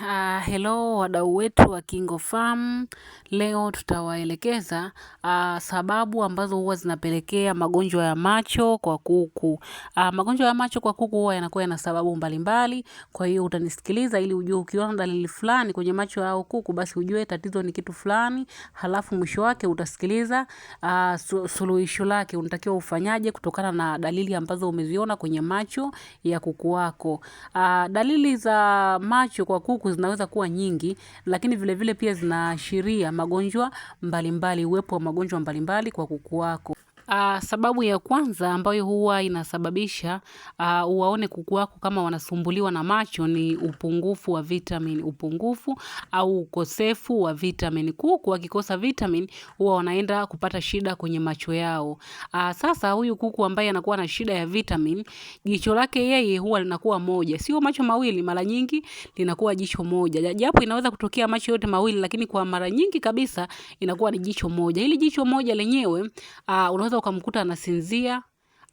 Uh, hello wadau wetu wa Kingo Farm. Leo tutawaelekeza uh, sababu ambazo huwa zinapelekea magonjwa ya macho kwa kuku. Uh, magonjwa ya macho kwa kuku huwa yanakuwa yana sababu mbalimbali. Kwa hiyo utanisikiliza ili ujue ukiona dalili fulani kwenye macho au kuku basi ujue tatizo ni kitu fulani, halafu mwisho wake utasikiliza uh, suluhisho lake unatakiwa ufanyaje kutokana na dalili ambazo umeziona kwenye macho ya kuku wako. Uh, dalili za macho kwa kuku siku zinaweza kuwa nyingi, lakini vile vile pia zinaashiria magonjwa mbalimbali, uwepo wa magonjwa mbalimbali kwa kuku wako. Uh, sababu ya kwanza ambayo huwa inasababisha uh, uwaone kuku wako kama wanasumbuliwa na macho ni upungufu wa vitamin, upungufu au ukosefu wa vitamin. Kuku akikosa vitamin huwa wanaenda kupata shida kwenye macho yao. Uh, sasa huyu kuku ambaye anakuwa na shida ya vitamin, jicho lake yeye huwa linakuwa moja, sio macho mawili. Mara nyingi linakuwa jicho moja, japo inaweza kutokea macho yote mawili, lakini kwa mara nyingi kabisa inakuwa ni jicho moja. Hili jicho moja lenyewe uh, unaweza ukamkuta anasinzia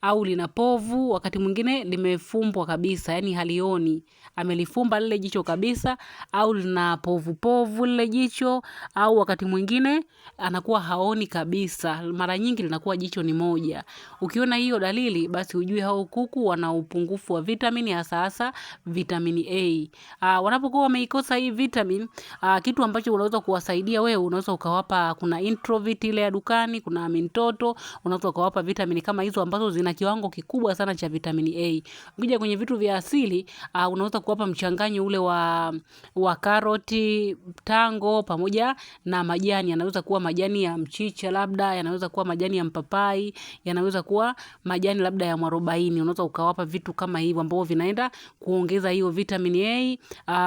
au lina povu, wakati mwingine limefumbwa kabisa, yani halioni, amelifumba lile jicho kabisa, au lina povu povu lile jicho, au wakati mwingine anakuwa haoni kabisa. Mara nyingi linakuwa jicho ni moja. Ukiona hiyo dalili, basi ujue hao kuku wana upungufu wa vitamini, hasa hasa vitamini A. Ah, wanapokuwa wameikosa hii vitamin, ah, kitu ambacho unaweza kuwasaidia wewe, unaweza ukawapa, kuna introvit ile ya dukani, kuna mintoto, unaweza ukawapa vitamini kama hizo ambazo zina kiwango kikubwa sana cha vitamini A. Ukija kwenye vitu vya asili uh, unaweza kuwapa mchanganyo ule wa, wa karoti, tango pamoja na majani. Yanaweza kuwa majani ya mchicha labda, yanaweza kuwa majani ya mpapai, yanaweza kuwa majani labda ya mwarobaini. Unaweza ukawapa vitu kama hivyo ambavyo vinaenda kuongeza hiyo vitamini A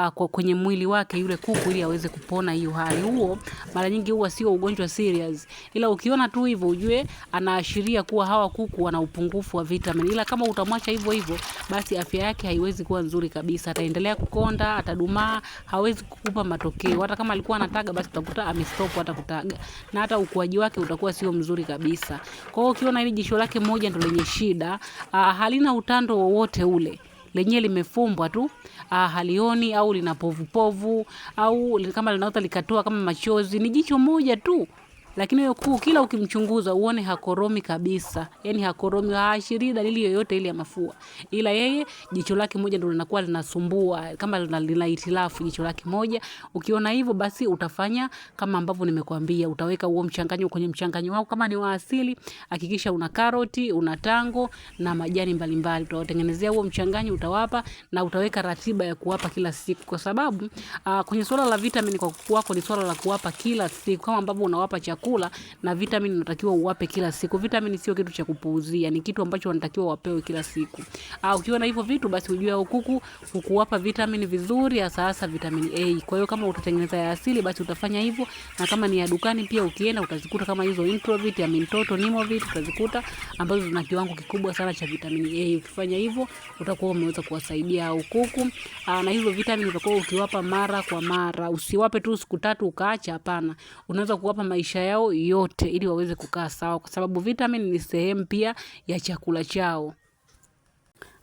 uh, kwa kwenye mwili wake yule kuku ili aweze kupona hiyo hali. Huo mara nyingi huwa sio ugonjwa serious, ila ukiona tu hivyo ujue anaashiria kuwa hawa kuku wana upungufu upungufu wa vitamin, ila kama utamwacha hivyo hivyo, basi afya yake haiwezi kuwa nzuri kabisa. Ataendelea kukonda, atadumaa, hawezi kukupa matokeo. Hata kama alikuwa anataga, basi utakuta amestop hata kutaga, na hata ukuaji wake utakuwa sio mzuri kabisa. Kwa hiyo ukiona hili jisho lake moja ndio lenye shida, ah, halina utando wowote ule lenyewe limefumbwa tu, ah, halioni au lina povu au kama linaota likatoa kama machozi, ni jicho moja tu. Lakini huyo kuku kila ukimchunguza uone hakoromi kabisa, yani hakoromi, haashirii dalili yoyote ile ya mafua, ila yeye jicho lake moja ndio linakuwa linasumbua, kama lina itilafu jicho lake moja. Ukiona hivyo, basi utafanya kama ambavyo nimekuambia, utaweka huo mchanganyo kwenye mchanganyo wako, kama ni wa asili, hakikisha una karoti, una tango na majani mbalimbali, utawatengenezea huo mchanganyo, utawapa na utaweka ratiba ya kuwapa kila siku, kwa sababu uh, kwenye swala la vitamini kwa kuku wako ni swala la kuwapa kila siku kama ambavyo unawapa chakula chakula na vitamini unatakiwa uwape kila siku. Vitamini sio kitu cha kupuuzia, ni kitu ambacho wanatakiwa wapewe kila siku. Ah, ukiona hivyo vitu basi ujue au kuku hukuwapa vitamini vizuri, hasa hasa vitamini A. Kwa hiyo kama utatengeneza ya asili basi utafanya hivyo, na kama ni ya dukani pia ukienda utazikuta kama hizo Introvit, ya Amintoto, Nimovit utazikuta ambazo zina kiwango kikubwa sana cha vitamini A. Ukifanya hivyo utakuwa umeweza kuwasaidia au kuku. Aa, ah, na hizo vitamini utakuwa ukiwapa mara kwa mara. Usiwape tu siku tatu ukaacha, hapana. Unaweza kuwapa maisha yao yote ili waweze kukaa sawa, kwa sababu vitamini ni sehemu pia ya chakula chao.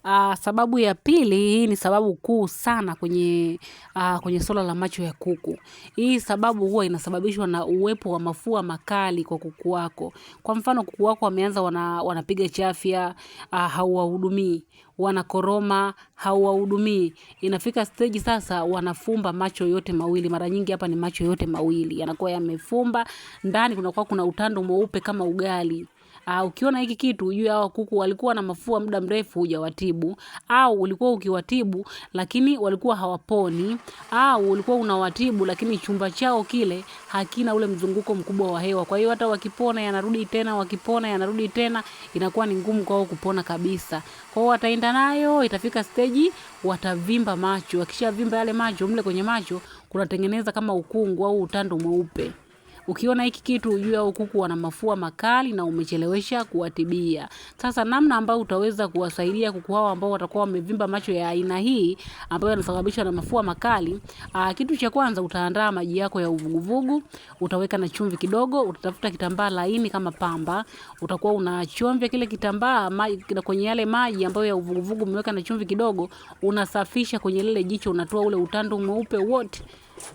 Ah, sababu ya pili, hii ni sababu kuu sana kwenye, ah, kwenye swala la macho ya kuku. Hii sababu huwa inasababishwa na uwepo wa mafua makali kwa kuku wako. Kwa mfano kuku wako wameanza wanapiga chafya, ah, hauwahudumii, wanakoroma, hauwahudumii. Inafika stage sasa wanafumba macho yote mawili. Mara nyingi hapa ni macho yote mawili. Yanakuwa yamefumba, ndani kunakuwa kuna utando mweupe kama ugali uh, ukiona hiki kitu juu hawa kuku walikuwa na mafua muda mrefu hujawatibu, au ulikuwa ukiwatibu lakini walikuwa hawaponi, au ulikuwa unawatibu lakini chumba chao kile hakina ule mzunguko mkubwa wa hewa. Kwa hiyo hata wakipona yanarudi tena, wakipona yanarudi tena, inakuwa ni ngumu kwao kupona kabisa. Kwa hiyo wataenda nayo, itafika steji watavimba macho. Wakishavimba yale macho, mle kwenye macho kunatengeneza kama ukungu au utando mweupe. Ukiona hiki kitu jua hao kuku wana mafua makali na umechelewesha kuwatibia. Sasa namna ambayo utaweza kuwasaidia kuku hao ambao watakuwa wamevimba macho ya aina hii ambayo yanasababishwa na mafua makali, aa, ah, kitu cha kwanza utaandaa maji yako ya uvuguvugu, utaweka na chumvi kidogo, utatafuta kitambaa laini kama pamba, utakuwa unachomvya kile kitambaa na kwenye yale maji ambayo ya uvuguvugu umeweka na chumvi kidogo, unasafisha kwenye lile jicho, unatoa ule utando mweupe wote.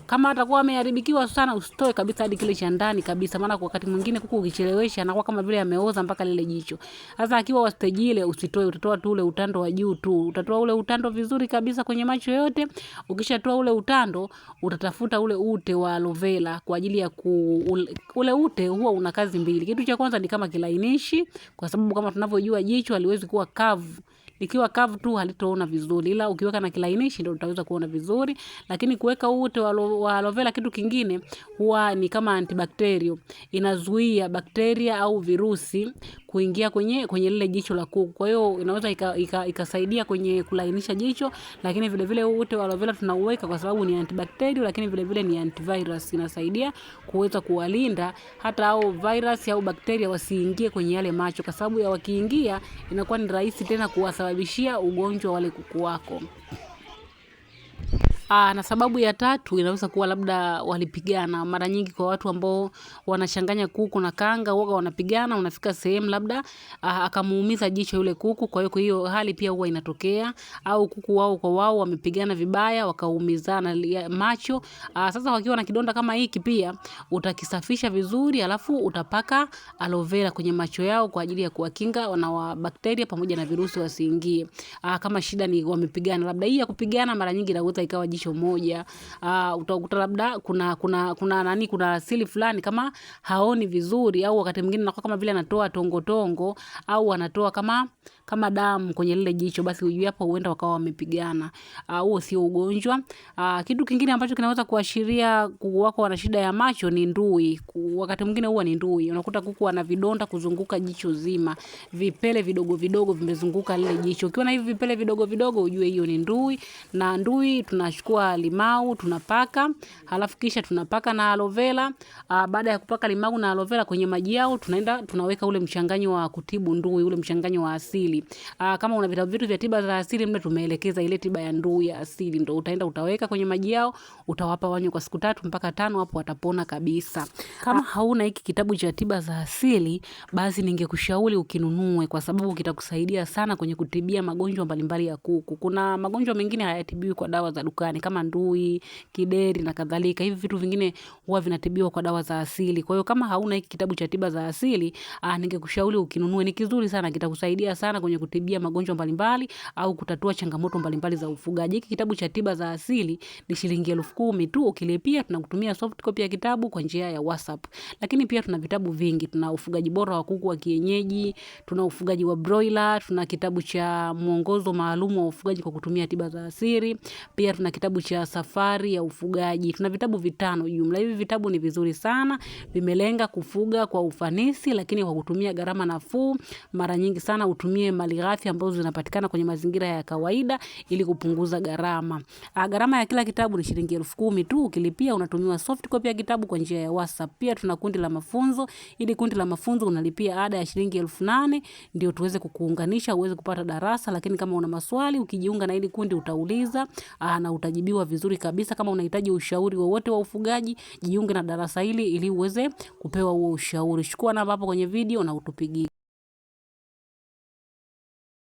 Kama atakuwa ameharibikiwa sana, usitoe kabisa hadi kile cha ndani kabisa, maana kwa wakati mwingine kuku ukichelewesha anakuwa kama vile ameoza mpaka lile jicho. Sasa akiwa wa ile usitoe, utatoa tu ule utando wa juu tu, utatoa ule utando vizuri kabisa kwenye macho yote. Ukishatoa ule utando, utatafuta ule ute wa aloe vera kwa ajili ya ku, ule, ule ute huwa una kazi mbili. Kitu cha kwanza ni kama kilainishi, kwa sababu kama tunavyojua jicho haliwezi kuwa kavu. Likiwa kavu tu halitoona vizuri, ila ukiweka na kilainishi ndio utaweza kuona vizuri. Lakini kuweka ute wa aloe vera, kitu kingine huwa ni kama antibakterio, inazuia bakteria au virusi kuingia kwenye kwenye lile jicho la kuku. Kwa hiyo inaweza ikasaidia ika, ika kwenye kulainisha jicho, lakini vile vile ute wa aloe vera tunauweka kwa sababu ni antibakterio, lakini vile vile ni antivirus, inasaidia kuweza kuwalinda hata au virus au bakteria wasiingie kwenye yale macho, kwa sababu ya wakiingia inakuwa ni rahisi tena kuwasa kusababishia ugonjwa wale kuku wako. Aa, ah, na sababu ya tatu inaweza kuwa labda walipigana. Mara nyingi kwa watu ambao wanachanganya kuku na kanga huwaga wanapigana, unafika sehemu labda ah, akamuumiza jicho yule kuku, kwa hiyo kwa hiyo hali pia huwa inatokea, au kuku wao kwa wao wamepigana vibaya wakaumizana macho. Aa, ah, sasa wakiwa na kidonda kama hiki pia utakisafisha vizuri alafu utapaka aloe vera kwenye macho yao kwa ajili ya kuwakinga na wa bakteria pamoja na virusi wasiingie. Aa, kama shida ni wamepigana labda hii ya kupigana mara nyingi inaweza ikawa jicho jicho moja. Uh, utakuta labda kuna kuna kuna nani kuna asili fulani kama haoni vizuri au wakati mwingine anakuwa kama vile anatoa tongo tongo au anatoa kama kama damu kwenye lile jicho, basi ujue hapo huenda wakawa wamepigana. Ah, huo uh, sio ugonjwa. Uh, kitu kingine ambacho kinaweza kuashiria kuku wako wana shida ya macho ni ndui. Wakati mwingine huwa ni ndui. Unakuta kuku wana vidonda kuzunguka jicho zima, vipele vidogo vidogo vimezunguka lile jicho. Ukiwa na hivi vipele vidogo vidogo, ujue hiyo ni ndui, na ndui tunashukuru tunachukua limau tunapaka, halafu kisha tunapaka na aloe vera. Ah, baada ya kupaka limau na aloe vera kwenye maji yao, tunaenda tunaweka ule mchanganyo wa kutibu ndui, ule mchanganyo wa asili. Aa, ah, Kama una vitabu vitu vya tiba za asili, mle tumeelekeza ile tiba ya ndui ya asili, ndio utaenda utaweka kwenye maji yao, utawapa wanywe kwa siku tatu mpaka tano, hapo watapona kabisa. Kama ah. hauna hiki kitabu cha tiba za asili, basi ningekushauri ukinunue, kwa sababu kitakusaidia sana kwenye kutibia magonjwa mbalimbali ya kuku. Kuna magonjwa mengine hayatibiwi kwa dawa za dukani fulani kama ndui, kideri na kadhalika. Hivi vitu vingine huwa vinatibiwa kwa dawa za asili. Kwa hiyo kama hauna hiki kitabu cha tiba za asili, ah, ningekushauri ukinunue. Ni kizuri sana, kitakusaidia sana kwenye kutibia magonjwa mbalimbali au kutatua changamoto mbalimbali za ufugaji. Hiki kitabu cha tiba za asili ni shilingi elfu kumi tu. Ukilipia tunakutumia soft copy ya kitabu kwa njia ya WhatsApp. Lakini pia tuna vitabu vingi. Tuna ufugaji bora wa kuku wa kienyeji, tuna ufugaji wa broiler, tuna kitabu cha mwongozo maalum wa ufugaji kwa kutumia tiba za asili. Pia tuna kitabu cha safari ya ufugaji. Tuna vitabu vitano jumla. Hivi vitabu ni vizuri sana, vimelenga kufuga kwa ufanisi, lakini kwa kutumia gharama nafuu. Mara nyingi sana utumie malighafi ambazo zinapatikana kwenye mazingira ya kawaida ili kupunguza gharama. Ah, gharama ya kila kitabu ni shilingi elfu kumi tu. Ukilipia unatumiwa soft copy ya kitabu kwa njia ya WhatsApp. Pia tuna kundi la mafunzo. Ili kundi la mafunzo unalipia ada ya shilingi elfu nane ndio tuweze kukuunganisha uweze kupata darasa, lakini kama una maswali ukijiunga na ili kundi utauliza ah, na uta utajibiwa vizuri kabisa. Kama unahitaji ushauri wowote wa ufugaji, jiunge na darasa hili ili uweze kupewa huo ushauri. Chukua namba hapo kwenye video na utupigie.